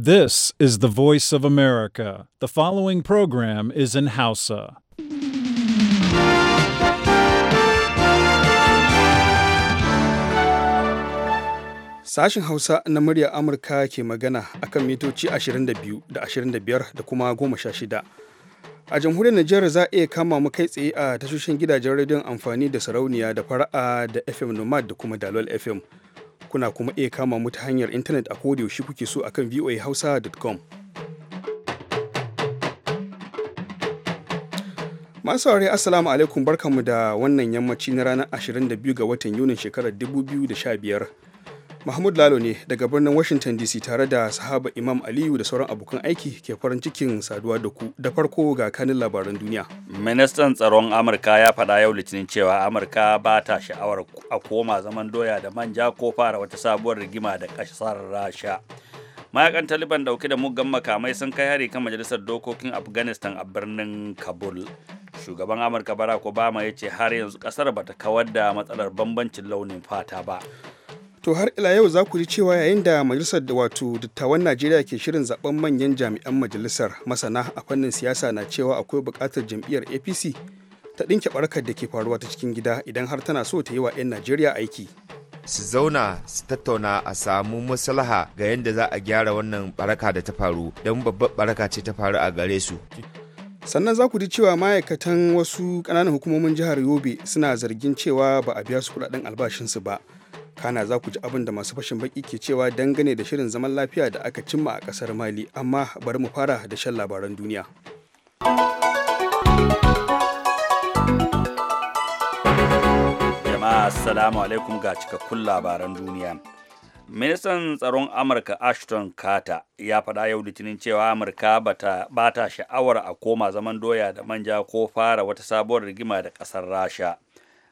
This is the voice of America. The following program is in Hausa. Sashen Hausa na muryar Amurka ke magana akan mitoci 22 da 25 da kuma 16. A jamhuriyar Najeriya za a iya kama mu kai tsaye a tashoshin gidajen rediyon amfani da sarauniya da fara'a da FM Nomad da kuma Dalol FM. kuna kuma iya kama mu ta hanyar intanet a yaushe kuke so akan voahausa.com. Masu saurari Assalamu alaikum barkanmu da wannan yammaci na ranar 22 ga watan Yunin shekarar 2015. Mahmud Lalo ne daga birnin Washington DC tare da sahaba Imam Aliyu da sauran abokan aiki ke farin cikin saduwa da ku da farko ga kanin labaran duniya. Ministan tsaron Amurka ya faɗa yau Litinin cewa Amurka ba ta sha'awar a koma zaman doya da manja ko fara wata sabuwar rigima da kasar Rasha. Mayakan Taliban dauke da muggan makamai sun kai hari kan majalisar dokokin Afghanistan a birnin Kabul. Shugaban Amurka Barack Obama ya ce har yanzu ƙasar bata kawar da matsalar bambancin launin fata ba. To har ila yau za ku ji cewa yayin da majalisar da wato dattawan Najeriya ke shirin zaben manyan jami'an majalisar masana a fannin siyasa na cewa akwai buƙatar jam'iyyar APC ta ɗinke ɓarkar da ke faruwa ta cikin gida idan har tana so ta yi wa 'yan Najeriya aiki. su zauna su tattauna a samu maslaha ga yadda za a gyara wannan baraka da ta faru don babbar baraka ce ta faru a gare su. sannan za ku ji cewa ma'aikatan wasu ƙananan hukumomin jihar yobe suna zargin cewa ba a biya su kuɗaɗen albashinsu ba kana za ku ji abin da masu fashin baki ke cewa dangane da shirin zaman lafiya da aka cimma a kasar mali amma bari mu fara da shan labaran duniya jama'a assalamu alaikum ga cikakkun labaran duniya ministan tsaron amurka ashton carter ya faɗa yau litinin cewa amurka ba ta sha'awar a koma zaman doya da manja ko fara wata sabuwar rigima da ƙasar rasha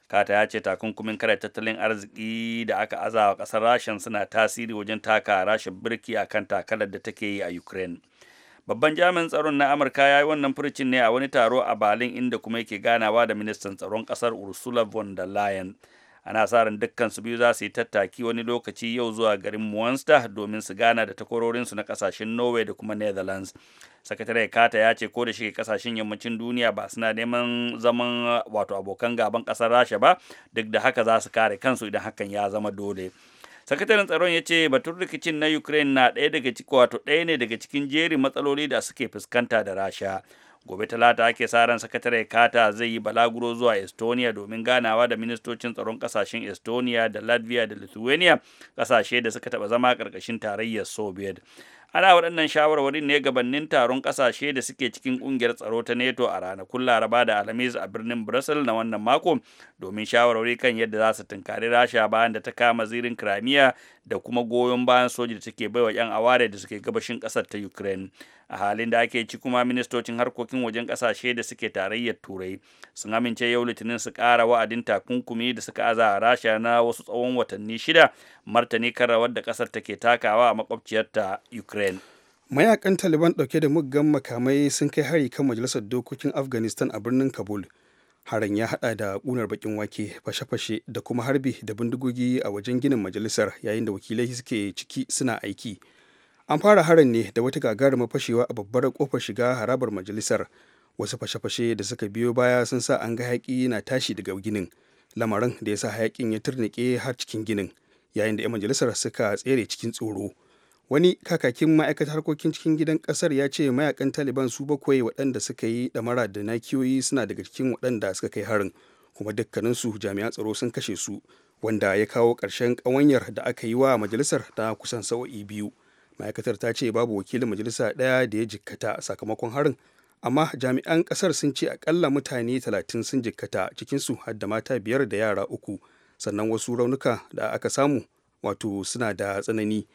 kata ya ce takunkumin kare tattalin arziki da aka azawa wa kasar rashin suna tasiri wajen taka rashin birki a kan takalar da take yi a ukraine babban jami'in tsaron na amurka ya yi wannan furucin ne a wani taro a berlin inda kuma yake ganawa da ministan tsaron kasar ursula von der leyen ana sa ran dukkan su biyu za su yi tattaki wani lokaci yau zuwa garin Monster domin su gana da takwarorinsu na kasashen Norway da kuma Netherlands. sakatare kata ya ce ko da shige kasashen yammacin duniya ba suna neman zaman wato abokan gaban kasar rasha ba duk da haka za su kare kansu idan hakan ya zama dole sakataren tsaron ya ce batun rikicin na ukraine na ɗaya daga wato ɗaya ne daga cikin jerin matsaloli da suke fuskanta da rasha gobe talata ake sa ran sakatare kata zai yi balaguro zuwa estonia domin ganawa da ministocin tsaron kasashen estonia da latvia da lithuania kasashe da suka taba zama karkashin tarayyar soviet ana waɗannan shawarwarin ne gabanin taron ƙasashe da suke cikin ƙungiyar tsaro ta NATO a ranakun laraba da alhamis a birnin brussels na wannan mako domin shawarwari kan yadda za su tunkari rasha bayan da ta kama zirin kramiya da kuma goyon bayan soji da take baiwa 'yan aware da suke gabashin ƙasar ta ukraine a halin da ake ci kuma ministocin harkokin wajen ƙasashe da suke tarayyar turai sun amince yau litinin su ƙara wa'adin takunkumi da suka aza a rasha na wasu tsawon watanni shida martani kan rawar da kasar take takawa a makwabciyarta ukraine mayakan taliban dauke da muggan makamai sun kai hari kan majalisar dokokin afghanistan a birnin kabul harin ya hada da kunar bakin wake fashe-fashe da kuma harbi da bindigogi a wajen ginin majalisar yayin da wakilai suke ciki suna aiki an fara harin ne da wata gagarumar fashewa a babbar kofar shiga harabar majalisar wasu fashe-fashe da suka biyo baya sun sa an ga haƙi na tashi daga ginin lamarin da ya sa haƙin ya turnike har cikin ginin yayin da 'yan majalisar suka tsere cikin tsoro wani kakakin ma'aikatar harkokin cikin gidan kasar ya ce mayakan taliban su bakwai waɗanda suka yi ɗamara da nakiyoyi suna daga cikin waɗanda suka kai harin kuma dukkaninsu jami'an tsaro sun kashe su wanda ya kawo ƙarshen ƙawanyar da aka yi wa majalisar ta kusan sa'o'i biyu ma'aikatar ta ce babu wakilin majalisa ɗaya da ya jikkata sakamakon harin amma jami'an ƙasar sun ce akalla mutane talatin sun jikkata cikinsu har da mata biyar da yara uku sannan wasu raunuka da aka samu wato suna da tsanani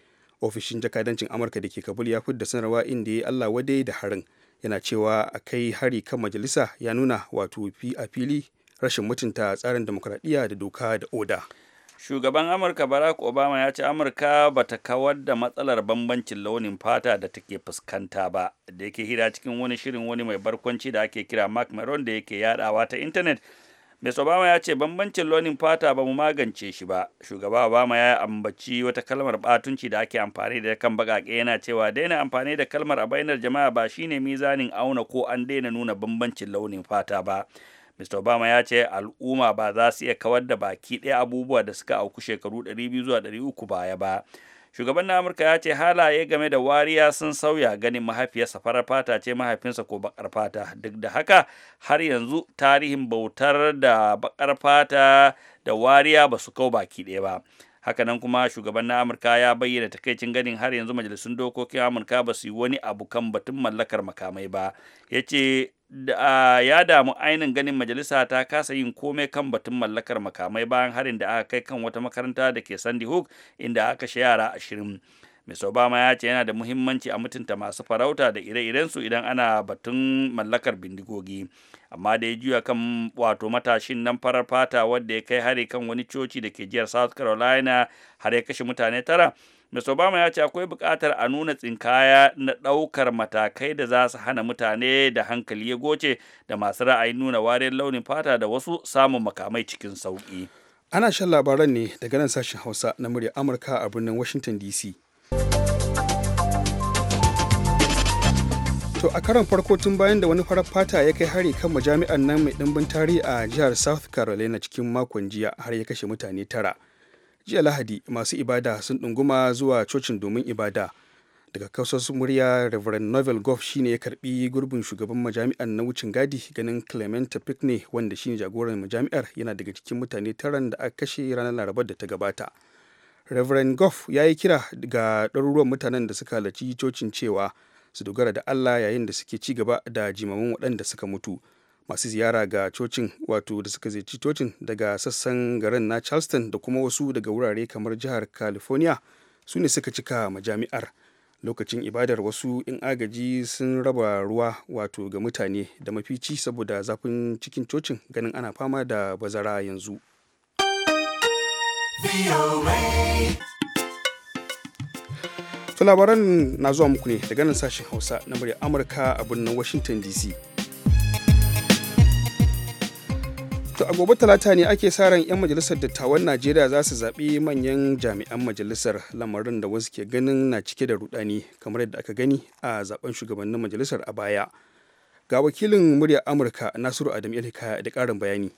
ofishin jakadancin amurka da ke kabul ya fidda sanarwa inda ya allah wadai da harin yana cewa a kai hari kan majalisa ya nuna wato fi a fili rashin mutunta tsarin demokradiyya da doka da oda shugaban amurka barack obama ya ce amurka ba ta kawar da matsalar bambancin launin fata da take fuskanta ba da yake hira cikin wani shirin wani mai barkwanci da ake kira mark maron da yake yadawa ta intanet Mr. Obama ya ce bambancin launin fata ba mu magance shi ba. Shugaba Obama ya ambaci wata kalmar batunci da ake amfani da kan bagage yana cewa daina amfani da kalmar a bainar jama'a ba shine mizanin auna ko an daina nuna bambancin launin fata ba. Mr. Obama ya ce al'umma ba za su iya kawar da baki ɗaya abubuwa da suka auku shekaru 200 zuwa 300 baya ba. shugaban na amurka ya ce halaye game da wariya sun sauya ganin mahaifiyarsa farar fata ce mahaifinsa ko bakar fata duk da haka har yanzu tarihin bautar da bakar fata da wariya ba su kau baki ɗaya ba hakanan kuma shugaban na amurka ya bayyana takaicin ganin har yanzu majalisun dokokin amurka ba su yi wani abu kan batun mallakar makamai ba ya ce ya damu ainin ganin majalisa ta kasa yin komai kan batun mallakar makamai bayan harin da aka kai kan wata makaranta da ke sandy hook inda aka kashe yara ashirin Mr. Obama ya ce yana da muhimmanci a mutunta masu farauta da ire-irensu idan ana batun mallakar bindigogi. Amma da ya juya kan wato matashin nan farar fata wadda ya kai hari kan wani coci da ke jihar South Carolina har ya kashe mutane tara, Mr. Obama ya ce akwai buƙatar a nuna tsinkaya na ɗaukar matakai da za su hana mutane da hankali ya goce da masu ra'ayin nuna wariyar launin fata da wasu samun makamai cikin sauƙi. Ana shan labaran ne daga nan sashen Hausa na murya Amurka a birnin Washington DC. To a karon farko tun bayan da wani farar fata ya kai hari kan majami'an nan mai ɗimbin tarihi a jihar South Carolina cikin makon jiya har ya kashe mutane tara. jiya lahadi masu ibada sun ɗunguma zuwa cocin domin ibada daga kasos murya reverend novel goff shine ya karbi gurbin shugaban majami'ar na wucin gadi ganin clementa pickney wanda shine jagoran majami'ar yana daga cikin mutane taran da aka kashe ranar larabar da ta gabata reverend goff ya yi kira ga ɗaruruwan mutanen da suka halarci cocin cewa su dogara da allah yayin da suke ci gaba da jimamin waɗanda suka mutu masu ziyara ga cocin wato da suka ziyarci cocin daga sassan garin na charleston da kuma wasu daga wurare kamar jihar california su ne suka cika majami'ar lokacin ibadar wasu in agaji sun raba ruwa wato ga mutane da mafici saboda zafin cikin cocin ganin ana fama da bazara yanzu labaran na zuwa muku ne daga nan sashen hausa na murya amurka a birnin washington dc to a gobe talata ne ake sa ran 'yan majalisar dattawan najeriya za su zaɓi manyan jami'an majalisar lamarin da wasu ke ganin na cike da rudani kamar yadda aka gani a zaben shugabannin majalisar a baya ga wakilin murya amurka nasiru adam hikaya da ƙarin bayani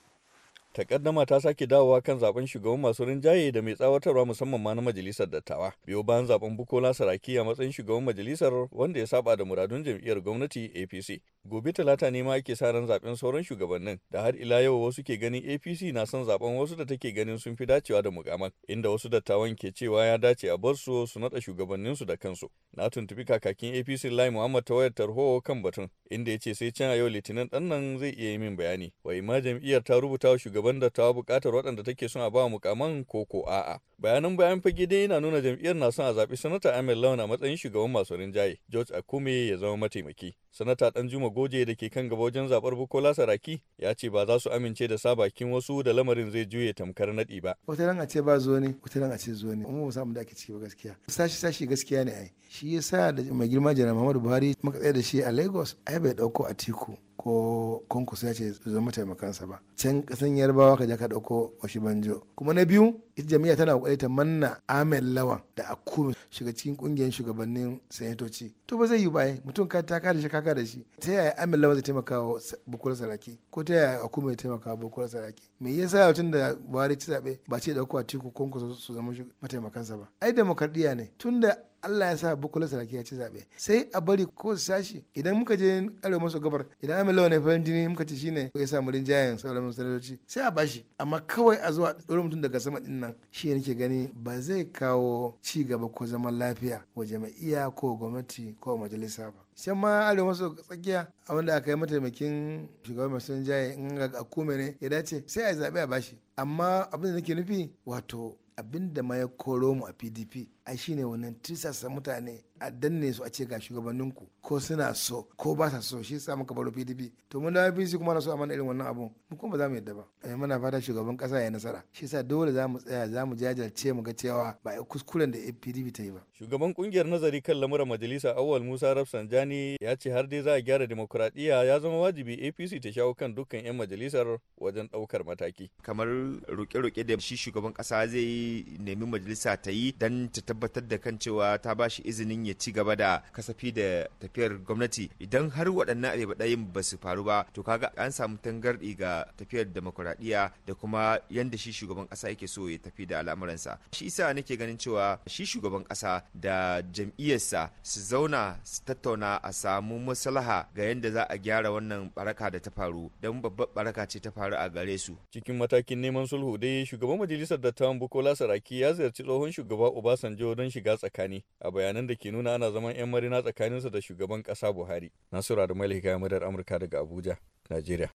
takaddama ta sake dawowa kan zaben shugaban masu rinjaye da mai tsawatarwa musamman ma na majalisar dattawa biyo bayan zaben bukola saraki a matsayin shugaban majalisar wanda ya saba da muradun jam'iyyar gwamnati apc gobe talata ne ma ake sa ran zaben sauran shugabannin da har ila yau wasu ke ganin apc na son zaben wasu da take ganin sun fi dacewa da mukaman inda wasu dattawan ke cewa ya dace a bar su su shugabannin su da kansu na tuntubi kakakin apc lai muhammad ta wayar tarho kan batun inda ya ce sai can a yau litinin nan zai iya yi min bayani wai ma jam'iyyar ta rubuta wa shugaban daban da ta bukatar waɗanda take son a ba mukaman ko ko a'a bayanan bayan fage dai yana nuna jam'iyyar na son a zaɓi sanata amir lawan a matsayin shugaban masu rinjaye george akume ya zama mataimaki sanata danjuma goje da ke kan gaba wajen zaɓar bukola saraki ya ce ba za su amince da sabakin wasu da lamarin zai juye tamkar naɗi ba wata ran a ce ba zo ne wata ran a ce zo ne mu samu da ake ciki ba gaskiya sashi sashi gaskiya ne ai shi yasa da mai girma janar muhammadu buhari muka tsaya da shi a lagos ai bai ɗauko a tiku ko konkursu ya ce zama taimakansa ba can kasan yarbawa ka je ka ɗauko oshi banjo kuma na biyu ita jami'a tana ta manna Ahmed Lawan da Akuru shiga cikin kungiyar shugabannin sanatoci to ba zai yi ba mutum ka ta kada shi ka da shi ta yaya Ahmed Lawan zai taimaka wa Bukola Saraki ko ta yaya Akuru zai taimaka wa Bukola Saraki me yasa tun da Buhari ci zabe ba ce dauko tiku ko su zama mataimakansa ba ai demokradiya ne tunda Allah ya sa Bukola Saraki ya ci zaɓe sai a bari ko sashi idan muka je arewa maso gabar idan Amin Lawan ya farin jini muka ci shine ya samu rinjayen sauran sanatoci sai a bashi amma kawai a zuwa ɗora mutum daga sama ɗin nan shi yake gani ba zai kawo ci gaba ko zaman lafiya wa jama'iya ko gwamnati ko majalisa ba. Shan ma arewa maso tsakiya a wanda aka yi mataimakin shugaban masu rinjaye in ga akume ne ya dace sai a zaɓe a bashi amma abin da nake nufi wato abinda da ma ya koro mu a pdp ai shine wannan tirsasa mutane a danne su a ce ga shugabanninku ko suna so ko ba sa so shi sa muka baro PDP to mun da PDP kuma na so a mana irin wannan abun mu kuma ba za mu yadda ba eh muna fata shugaban kasa ya nasara shi sa dole za mu tsaya za mu jajirce mu ga cewa ba a kuskuren da PDP ta yi ba shugaban kungiyar nazari kan lamuran majalisa Awwal Musa Rafsanjani ya ce har dai za a gyara demokradiya ya zama wajibi APC ta shawo kan dukkan 'yan majalisar wajen daukar mataki kamar ruke-ruke da shi shugaban kasa zai nemi majalisa ta yi dan ta tabbatar da kan cewa ta ba shi izinin ya ci gaba da kasafi da tafiyar gwamnati idan har waɗannan abubuwan ba su faru ba to kaga an samu tangarɗi ga tafiyar demokuraɗiyya da kuma yadda shi shugaban ƙasa yake so ya tafi da al'amuransa shi isa nake ganin cewa shi shugaban ƙasa da jam'iyyarsa su zauna su tattauna a samu maslaha ga yadda za a gyara wannan baraka da ta faru don babbar baraka ce ta faru a gare su cikin matakin neman sulhu dai shugaban majalisar dattawan bukola saraki ya ziyarci tsohon shugaba obasanjo Obasanjo don shiga tsakani a bayanan da ke nuna ana zaman 'yan marina tsakaninsa da shugaban ƙasa Buhari. Nasura da Malika ya madar Amurka daga Abuja, Najeriya.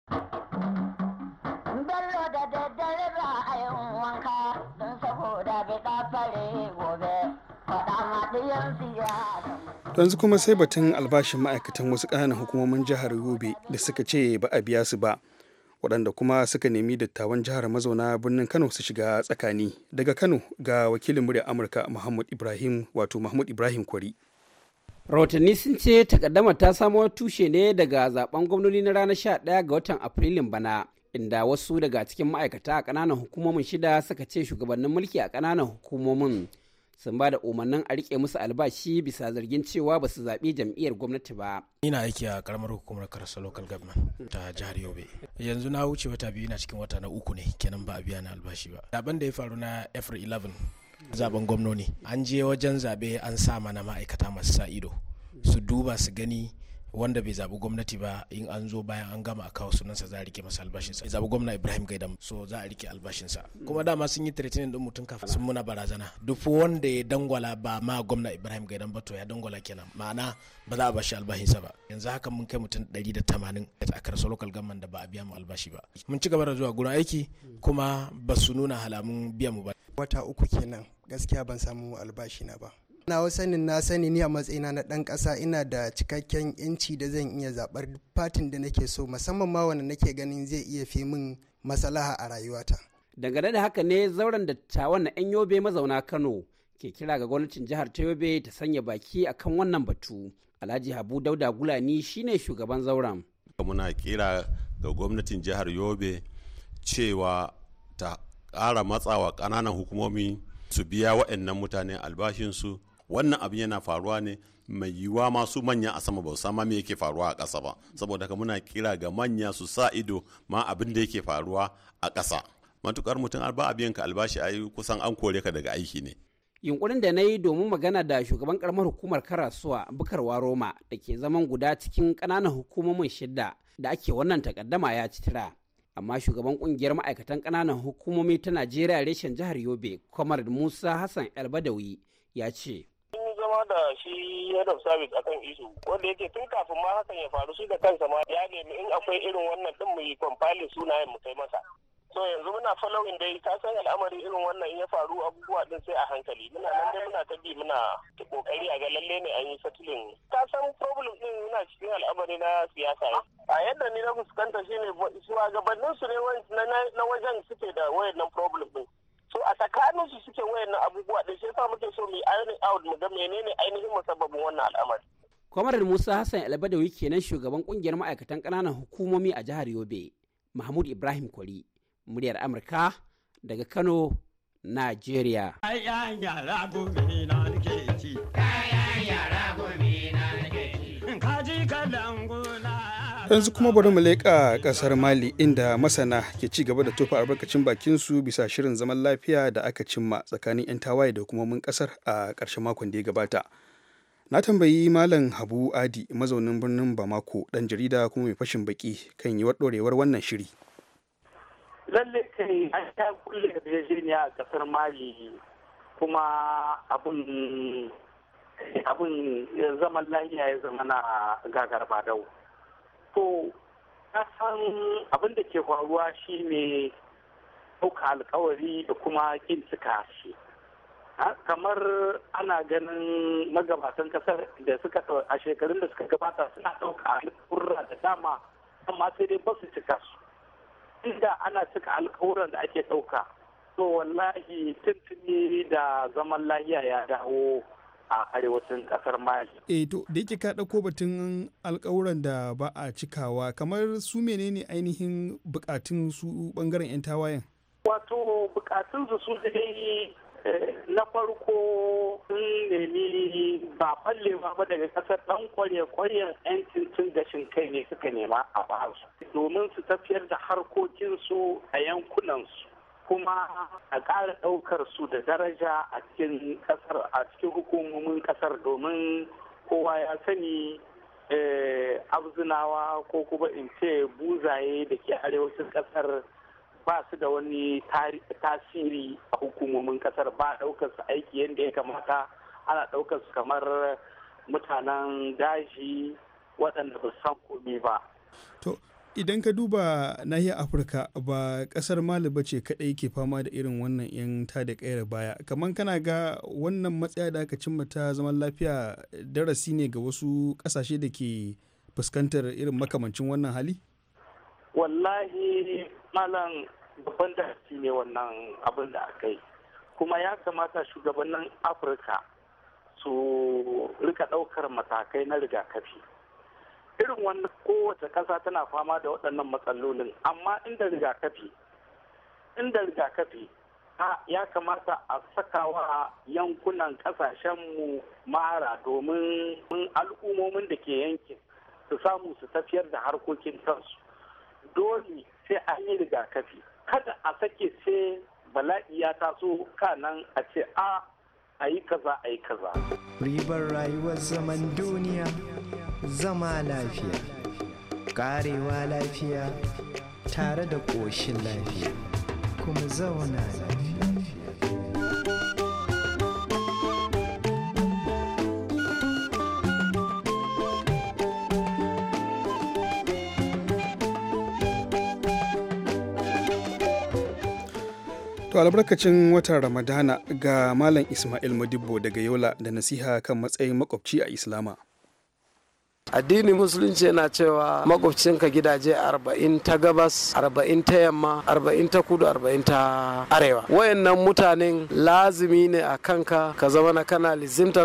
don yanzu kuma sai batun albashin ma'aikatan wasu ƙananan hukumomin jihar yobe da suka ce ba a biya su ba waɗanda kuma suka nemi dattawan jihar mazauna birnin kano su shiga tsakani daga kano ga wakilin murya amurka muhammad ibrahim wato mahmud ibrahim kwari rahotanni sun ce takaddama ta samo tushe ne daga zaben gwamnoni na ranar 11 ga watan afrilun bana inda wasu daga cikin ma'aikata a kananan hukumomin shida suka ce shugabannin mulki a kananan hukumomin sun ba da umarnin a rike musu albashi bisa zargin cewa ba su zaɓi jam'iyyar gwamnati ba. Ina aiki a karamar hukumar Karsa Local Government ta jihar Yobe. Yanzu na wuce wata biyu na cikin wata na uku ne kenan ba a biya na albashi ba. Zaben da ya faru na April 11 zaben gwamnoni. An je wajen zaɓe an sa mana ma'aikata masu sa ido. Su duba su gani wanda bai zabi gwamnati ba in an zo bayan an gama a kawo sunansa za a rike masa albashinsa zabi gwamna ibrahim gaida so za a rike albashinsa kuma dama sun yi threatening din mutum kafa sun muna barazana duk wanda ya dangwala ba ma gwamna ibrahim gaida ba to ya dangwala kenan ma'ana ba za a bashi albashinsa ba yanzu haka mun kai mutum 180 a karshe local government da ba a biya mu albashi ba mun ci gaba da zuwa gurin aiki kuma ba su nuna halamun biya mu ba wata uku kenan gaskiya ban samu albashi na ba na sanin na sani ni a matsayina na ɗan ƙasa ina da cikakken yanci da zan iya zaɓar fatin da nake so musamman ma wanda nake ganin zai iya fi min masalaha a rayuwata. Dangane da haka ne zauren dattawan na 'yan yobe mazauna Kano ke kira ga gwamnatin jihar ta yobe ta sanya baki akan wannan batu. Alhaji Habu Dauda Gulani shine shugaban zauren. Muna kira ga gwamnatin jihar Yobe cewa ta kara matsawa kananan hukumomi su biya waɗannan mutane albashinsu wannan abin yana faruwa ne mai yiwuwa masu manya a sama ba su ma me yake faruwa a ƙasa ba saboda haka muna kira ga manya su sa ido ma abin da yake faruwa a ƙasa matukar mutum ba a biyan ka albashi yi kusan an kore ka daga aiki ne yunkurin da na yi domin magana da shugaban karamar hukumar karasuwa bukarwa roma da ke zaman guda cikin ƙananan hukumomin shidda da ake wannan takaddama ya citira amma shugaban kungiyar ma'aikatan ƙananan hukumomi ta najeriya reshen jihar yobe kwamar musa hassan elbadawi ya ce zama da shi head of service akan isu wanda yake tun kafin ma hakan ya faru shi da kansa ma ya nemi in akwai irin wannan din mu yi compiling sunayen mu kai masa so yanzu muna following dai ka san al'amari irin wannan ya faru abubuwa din sai a hankali muna nan dai muna tabi muna kokari a ga lalle ne an yi settling ka san problem din yana cikin al'amari na siyasa a yadda ni na fuskanta shine gabanin su ne na wajen suke da wayannan problem din so a tsakanin su suke wayan abubuwa da shi yasa muke so mu ironing out mu ga menene ainihin musabbabin wannan al'amari kwamarar musa hassan albadawi kenan shugaban kungiyar ma'aikatan ƙananan hukumomi a jihar yobe mahmud ibrahim kwari muryar amurka daga kano nigeria yanzu kuma bari mu leƙa ƙasar mali inda masana ke ci gaba da tofa albarkacin su bisa shirin zaman lafiya da aka cimma tsakanin 'yan tawaye da hukumomin ƙasar a ƙarshen makon da ya gabata na tambayi malam habu adi mazaunin birnin bamako ɗan jarida kuma mai fashin baki kan yiwuwar ɗorewar wannan shiri lalle kai an ta kulle jirgin a kasar mali kuma abun abun zaman lafiya ya zama na gagar badau to ta san abin da ke faruwa shi ne ɗauka alkawari da kuma kin cika shi kamar ana ganin magabatan kasar da suka a shekarun da suka gabata suna ɗauka alkawura da dama amma sai dai ba su cika su inda ana cika alkawuran da ake ɗauka to wallahi tuntuni da zaman lahiya ya dawo a arewacin kasar mali eh to da yake ka ɗauko batun alkawuran da ba a cikawa kamar su menene ainihin bukatun su bangaren 'yan tawayen wato bukatun su su yi eh, na farko sun nemi ba fallewa ba daga kasar dan kwarya kwarya yancin cin gashin kai ne suka nema a ba su domin su tafiyar da harkokinsu a yankunansu kuma a ƙara ɗaukar su da daraja a cikin ƙasar a cikin hukumomin ƙasar domin kowa ya sani eh, abzinawa ko kuma in ce buzaye da ke arewacin ƙasar ba su da wani tasiri a hukumomin ƙasar ba ɗaukar su aiki yadda ya kamata ana ɗaukar su kamar mutanen daji waɗanda ba san komai ba. idan ka duba nahiyar afirka ba kasar mali ba ce kadai ke fama da irin wannan yan ta da kayar baya kamar kana ga wannan matsaya da aka cimma ta zaman lafiya darasi ne ga wasu kasashe da ke fuskantar irin makamancin wannan hali wallahi malam babban darasi ne wannan abin da aka yi kuma ya kamata shugabannin afirka su rika daukar matakai na rigakafi irin wannan kowace ƙasa tana fama da waɗannan matsalolin amma inda rigakafi inda rigakafi ya kamata a sakawa yankunan ƙasashenmu mara domin al'ummomin da ke yankin su samu su tafiyar da harkokin kansu dole sai an yi rigakafi kada a sake sai bala'i ya taso kanan a ce a a yi kaza a yi kaza ribar rayuwar zaman duniya zama lafiya karewa lafiya tare da ƙoshin lafiya kuma zauna lafiya To albarkacin watan Ramadana ga Malam Ismail Madibo daga Yola da nasiha kan matsayin makwabci a Islama. addini musulunci yana cewa makwabcinka gidaje arba'in ta gabas arba'in ta yamma arba'in ta kudu arba'in ta arewa wayannan mutanen lazimi ne a kanka ka zama na kana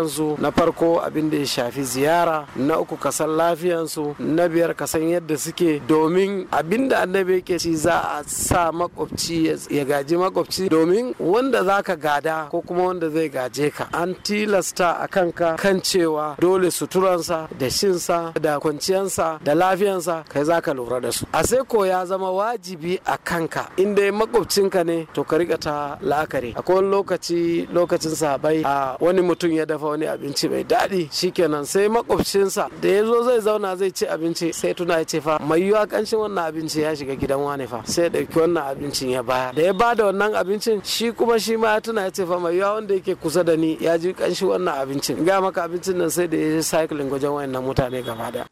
su na farko abin da ya shafi ziyara na uku ka san lafiyansu na biyar ka san yadda suke domin abin da annabi yake ci za a sa makwabci ya gaji makwabci domin wanda za ka gada ko kuma wanda zai gaje ka an tilasta a kanka kan cewa dole suturansa da shinsa sa da kwanciyansa da lafiyansa kai za ka lura da su a sai ko ya zama wajibi a kanka inda ya makwabcinka ne to ka rika ta la'akari akwai wani lokaci lokacin sabai a wani mutum ya dafa wani abinci mai daɗi shikenan sai makwabcinsa da ya zo zai zauna zai ci abinci sai tuna ya ce fa mai yiwa kanshin wannan abinci ya shiga gidan wani fa sai ɗauki wannan abincin ya bayar da ya ba da wannan abincin shi kuma shi ma ya tuna ya ce fa mai yiwa wanda yake kusa da ni ya ji kanshi wannan abincin ga maka abincin nan sai da ya yi cycling wajen wayannan mutane gaba daya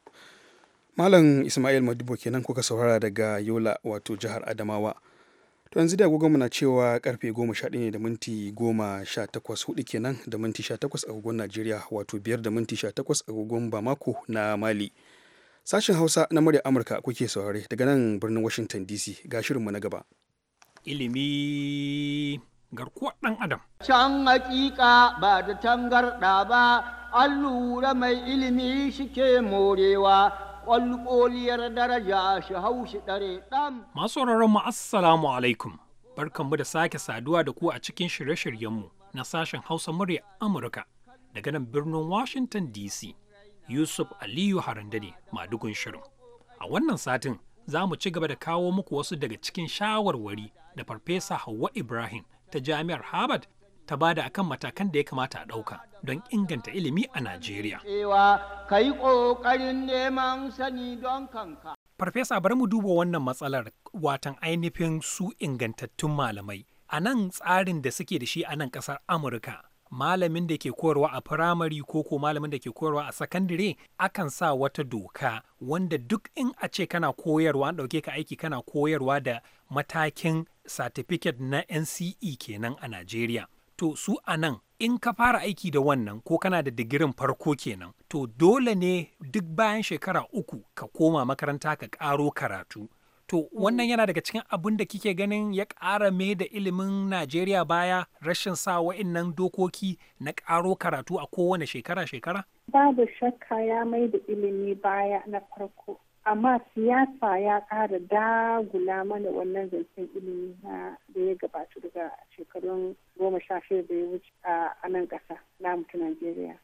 malam ismail madibo kenan kuka saurara daga yola wato jihar adamawa to yanzu da gogon na cewa karfe goma 11 ne da minti 18 hudu kenan da minti 18 agogon najeriya wato biyar da minti 18 agogon bamako na mali sashen hausa na murya amurka kuke saurare daga nan birnin washington dc ga shirinmu na gaba ilimi garkuwar ɗan adam. Can hakika ba da tangarɗa ba, an lura mai ilimi shi ke morewa, ƙwalƙoliyar daraja shi hau shi ɗare ɗan. Masu mu assalamu alaikum, barkanmu da sake saduwa da ku a cikin shirye-shiryenmu na sashen Hausa murya Amurka daga nan birnin Washington DC. Yusuf Aliyu Harandane madugun shirin. A wannan satin za mu ci gaba da kawo muku wasu daga cikin shawarwari da Farfesa Hauwa Ibrahim ta jami'ar Harvard ta bada akan matakan da ya kamata a ɗauka don inganta ilimi a Najeriya. Farfesa bari mu duba wannan matsalar watan ainihin su ingantattun malamai. A nan tsarin da suke da shi a nan ƙasar Amurka, malamin da ke koyarwa a firamare ko ko malamin da ke koyarwa a sakandare akan sa wata doka wanda duk in a ce kana koyarwa an ɗauke ka aiki kana koyarwa da matakin satifiket na NCE kenan a Najeriya. To su a nan in ka fara aiki da wannan ko kana da digirin farko kenan to dole ne duk bayan shekara uku ka koma makaranta ka ƙaro karatu. To wannan yana daga cikin abin da kike ganin ya ƙara me da ilimin Najeriya baya rashin sa wa'innan dokoki na ƙaro karatu a kowane shekara-shekara? Babu shakka ya mai da ilimi baya na farko. amma siyasa ya kara dagula mana wannan zancen ilimi na da ya gabatu daga shekarun goma sha shida da ya wuce a nan ƙasa na mutu Najeriya.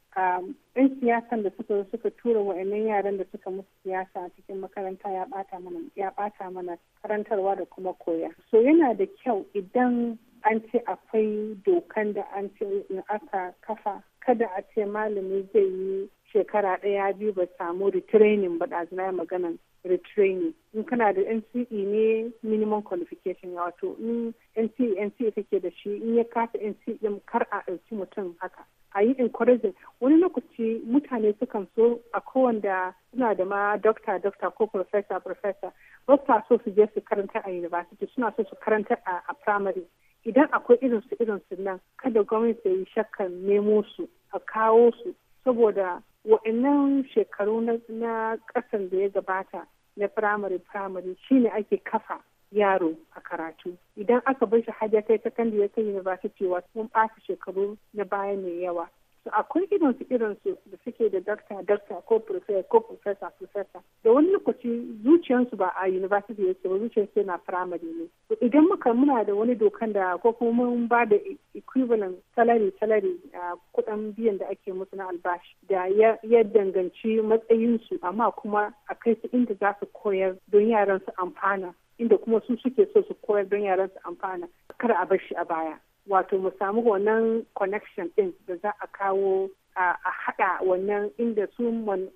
Ɗan siyasan da suka suka tura wa'annan yaran da suka musu siyasa a cikin makaranta ya ɓata mana ya ɓata mana karantarwa da kuma koya. So yana da kyau idan an ce akwai dokan da an ce in aka kafa kada a ce malami zai yi shekara ɗaya biyu ba samu retraining ba da ya maganan retraining in kana da nce ne minimum qualification ya wato in nce nce kake da shi in ya kafa nce din kar a ɗauki mutum haka a yi encouraging wani lokaci mutane sukan so a kowanda suna da ma doctor doctor ko professor professor ba sa so su je su karanta a university suna so su karanta a primary idan akwai irinsu irinsu nan kada gwamnati ya yi shakkan nemo su a kawo su saboda wa'annan shekaru na ƙasan da ya gabata na firamare firamare shine ake kafa yaro a karatu idan aka bar shi hajja kai ta kan da ya kai university ɓata shekaru na baya mai yawa akwai irin su irin su da suke da dakta dakta ko profesa ko profesa profesa da wani lokaci zuciyarsu ba a university yake ba zuciyarsu yana primary ne idan muka muna da wani dokan da ko kuma mun ba da equivalent salary salary a kudin biyan da ake musu na albashi da ya danganci matsayinsu amma kuma a kai su inda za su koyar don yaran su amfana inda kuma su suke so su koyar don yaran su amfana kar a bar shi a baya wato mu samu wannan connection din da za a kawo a haɗa wannan inda su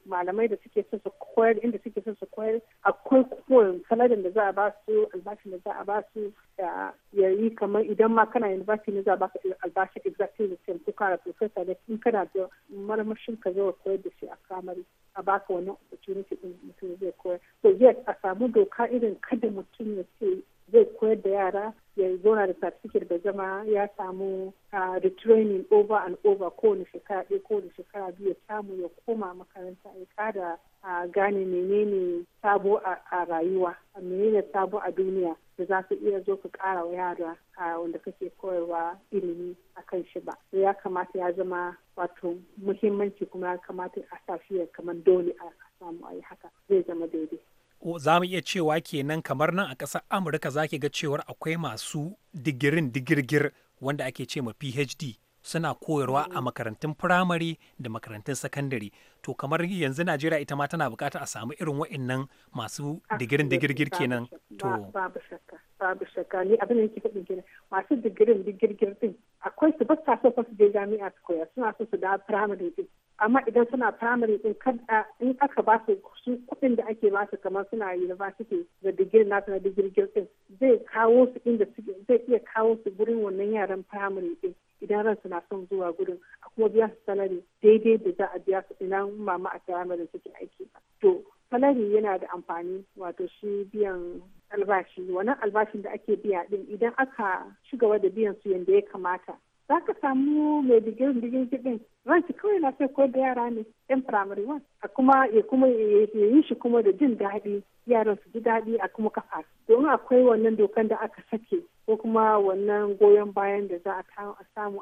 malamai da suke son su koyar inda suke son su koyar akwai koyon saladin da za a ba su albashin da za a ba su ya yi kamar idan ma kana university ne za a ba su albashin exactly the same kuka da professor ne in kana da marmashin ka zai koyar da shi a primary a baka wannan opportunity din mutum zai koyar so yes a samu doka irin kada mutum ya ce koyar da yara ya zauna da certificate da zama ya samu retraining over and over kowane shekara ɗaya kowane shekara biyu ya samu ya koma makaranta ya kada gane menene sabo a rayuwa menene sabo a duniya da za su iya zo ka karawa wa yara wanda kake koyarwa ilimi a kan shi ba ya kamata ya zama wato muhimmanci kuma ya kamata a sa shi kamar dole a samu a yi haka zai zama daidai za mu iya cewa kenan kamar nan a ƙasar amurka za ga cewar akwai masu digirin digirgir wanda ake ce ma phd suna koyarwa a makarantun firamare da makarantun sakandare to kamar yanzu najeriya ita ma tana bukata a samu irin wa'annan masu digirin digirgir kenan to babu shakka babu shakka ni abin da yake faɗi kenan masu digirin digirgir din akwai su ba sa so su je jami'a su koya suna so su da firamare din amma idan suna primary din kada in aka ba su su kuɗin da ake ba su kamar suna university da digiri nasu na digiri din zai kawo su inda zai iya kawo su gurin wannan yaran primary din idan ran suna son zuwa gurin a kuma biya su salari daidai da za a biya su ina mama a primary suke aiki ba to salari yana da amfani wato shi biyan albashi wannan albashin da ake biya din idan aka ci da biyan su yadda ya kamata za ka samu mai digirin digirin din ranki kawai na sai ko da yara ne yan firamare wa a kuma ya kuma ya yi shi kuma da jin daɗi yaran su ji daɗi a kuma kafa domin akwai wannan dokan da aka sake ko kuma wannan goyon bayan da za a samu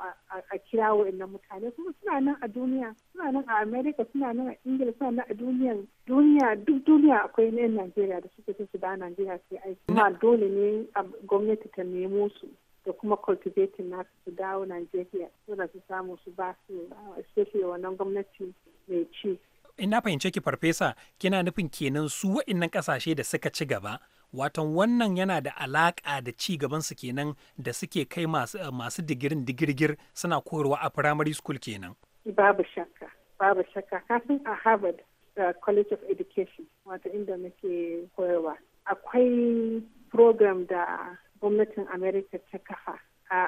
a kira wa'annan mutane kuma suna nan a duniya suna nan a america suna nan a ingila suna nan a duniya duniya duk duniya akwai na yan najeriya da suke su da najeriya sai aiki kuma dole ne gwamnati ta nemo su da kuma cultivating na su dawo Najeriya su da su samu su ba su ah, especially wannan gwamnati mai ci. Ina fahimce ki farfesa kina nufin kenan su waɗannan ƙasashe da suka ci gaba watan wannan yana da alaƙa da ci gaban su kenan da suke kai eh, masu digirin digirgir suna koyarwa a primary school kenan. Babu shakka, babu shakka. Kafin a Harvard eh, College of Education, wata inda muke koyarwa. Akwai program da gwamnatin Amerika ta kafa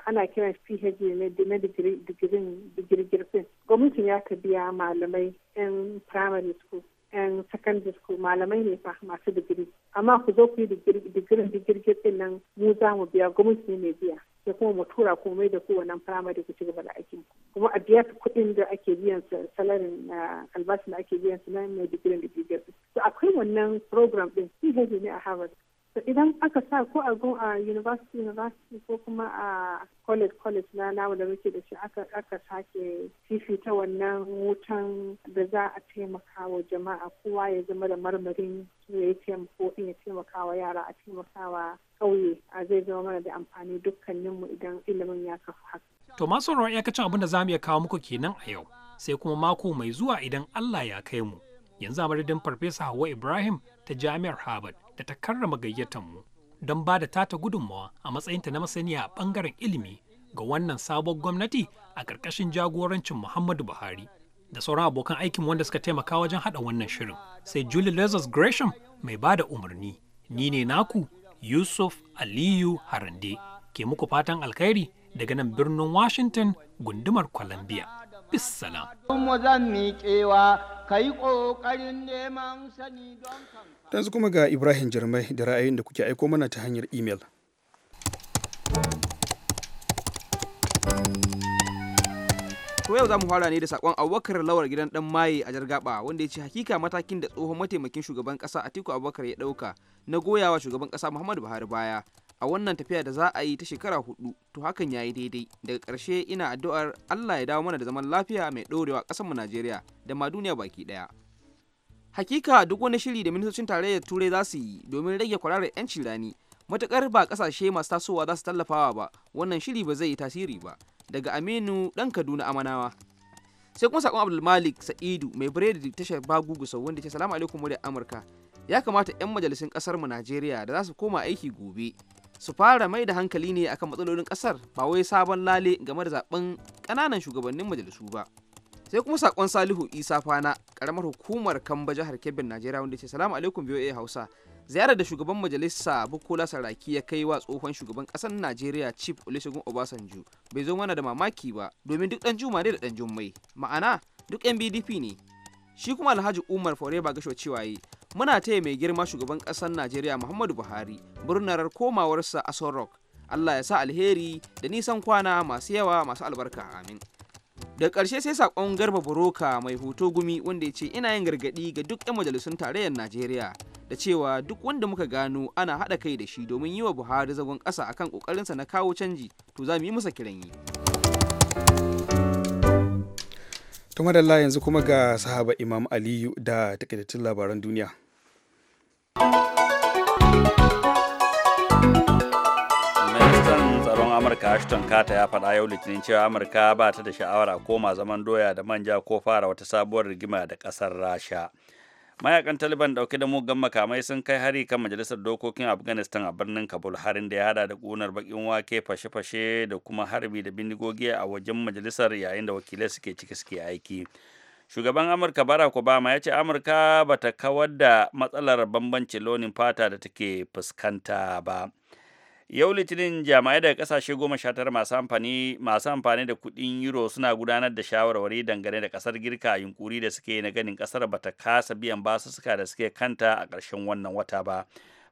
ana kiran phd na digirgirfin gwamnatin ya ta biya malamai 'yan primary school 'yan secondary school malamai ne fa masu digiri amma ku zo ku yi digirin digirgirfin nan mu za mu biya gwamnati ne mai biya da kuma mu tura ku mai da ku wannan firamare ku ci gaba da aikin kuma a biya kuɗin da ake biyan su salarin albashin da ake biyan su na mai digirin digirgirfin to akwai wannan program din PhD ne a Harvard idan aka sa ko a go a university university ko kuma a college college na nawa da muke da shi aka sake ta wannan wutan da za a taimaka wa jama'a kowa ya zama da marmarin ya yi taimako in ya taimaka wa yara a taimakawa ƙauye a zai zama mana da amfani dukkaninmu idan ilimin ya kafa haka. To masu sauraron iyakacin abin da za mu iya kawo muku kenan a yau sai kuma mako mai zuwa idan Allah ya kai mu. Yanzu a madadin Farfesa Hauwa Ibrahim ta Jami'ar Harvard da ta karrama gayyatanmu don ba da tata gudunmawa a matsayinta na masaniya a ɓangaren ilimi ga wannan sabon gwamnati a ƙarƙashin jagorancin Muhammadu Buhari da sauran abokan aikin wanda suka taimaka wajen haɗa wannan shirin. Sai Julie Lazarus Gresham mai ba da umarni. Ni ne naku Yusuf Aliyu Harande ke muku fatan alkhairi daga nan birnin Washington gundumar Columbia. bisalam. Yanzu kuma ga Ibrahim Jirmai da ra'ayin da kuke aiko mana ta hanyar imel. To yau za mu fara ne da sakon Abubakar Lawar gidan dan maye a Jargaba wanda ya ce hakika matakin da tsohon mataimakin shugaban kasa Atiku Abubakar ya ɗauka na goyawa shugaban kasa Muhammadu Buhari baya a wannan tafiya da za a yi ta shekara hudu to hakan yayi daidai daga karshe ina addu'ar Allah ya dawo mana da zaman lafiya mai ɗorewa ƙasar mu Najeriya da ma duniya baki ɗaya hakika duk wani shiri da ministocin tarayyar turai za su yi domin rage kwararar yanci rani matukar ba kasashe masu tasowa za su tallafawa ba wannan shiri ba zai yi tasiri ba daga aminu dan kaduna amanawa sai kuma sakon abdulmalik sa'idu mai biredi tashar bagugu sau wanda ke salamu alaikum da amurka ya kamata 'yan majalisun kasar mu najeriya da za su koma aiki gobe su fara mai da hankali ne akan matsalolin kasar ba wai sabon lale game da zaben kananan shugabannin majalisu ba sai kuma sakon salihu isa fana karamar hukumar kamba jihar kebbin najeriya wanda ce salamu alaikum voa hausa ziyarar da shugaban majalisa bukola saraki ya kai wa tsohon shugaban kasar najeriya chief olusegun obasanjo bai zo mana da mamaki ba domin duk dan juma ne da dan jummai ma'ana duk yan bdp ne shi kuma alhaji umar foreba gasho cewa yi muna taya mai girma shugaban ƙasar najeriya muhammadu buhari murnar komawarsa a rock allah ya sa alheri da nisan kwana masu yawa masu albarka amin da ƙarshe sai saƙon garba buroka mai hoto gumi wanda ya ce ina yin gargaɗi ga duk 'yan majalisun tarayyar najeriya da cewa duk wanda muka gano ana haɗa kai da shi domin yi wa buhari zagon ƙasa akan ƙoƙarinsa na kawo canji to za mu yi masa kiran yi da Allah yanzu kuma ga sahaba Imam Aliyu da takaitattun labaran duniya. Ministan tsaron Amurka Ashton kata ya faɗa yau litinin cewa Amurka ba ta da sha'awar a koma zaman doya da manja ko fara wata sabuwar rigima da ƙasar Rasha. mayakan taliban dauke da mugan makamai sun kai hari kan majalisar dokokin afghanistan a birnin kabul harin da ya hada da kunar bakin wake fashe-fashe da kuma harbi da bindigogi a wajen majalisar yayin da wakilai suke ciki suke aiki shugaban amurka barack obama ya ce amurka bata kawar da matsalar bambancin launin fata da take fuskanta ba yau litinin jami'ai daga kasashe goma sha tara masu amfani masu amfani da kuɗin euro suna gudanar da shawarwari dangane da kasar girka yunkuri da suke na ganin kasar bata kasa biyan basussuka da suke kanta a ƙarshen wannan wata ba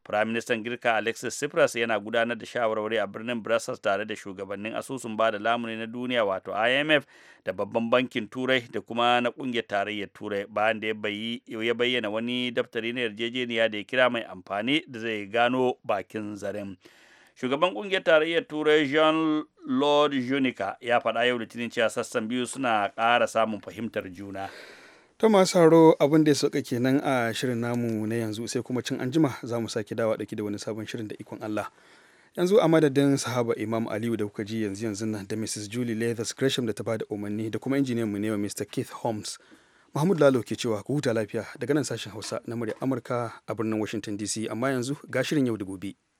Firaministan Girka Alexis Tsipras yana gudanar da shawarwari a birnin Brussels tare da shugabannin asusun ba da lamuni na duniya wato IMF da babban bankin Turai da kuma na kungiyar tarayyar Turai bayan da ya bayyana wani daftari na yarjejeniya da ya kira mai amfani da zai gano bakin zaren. shugaban kungiyar tarayyar turai jean lord junica ya faɗa yau litinin cewa sassan biyu suna ƙara samun fahimtar juna ta masu haro abin da ya sauka kenan a shirin namu na yanzu sai kuma cin anjima za mu sake dawa ɗauki da wani sabon shirin da ikon allah yanzu a madadin sahaba imam aliyu da kuka ji yanzu yanzu nan da mrs julie leathers gresham da ta ba da umarni da kuma injiniyan mu ne wa mr keith holmes mahmud lalo ke cewa ku huta lafiya daga nan sashen hausa na murya amurka a birnin washington dc amma yanzu ga shirin yau da gobe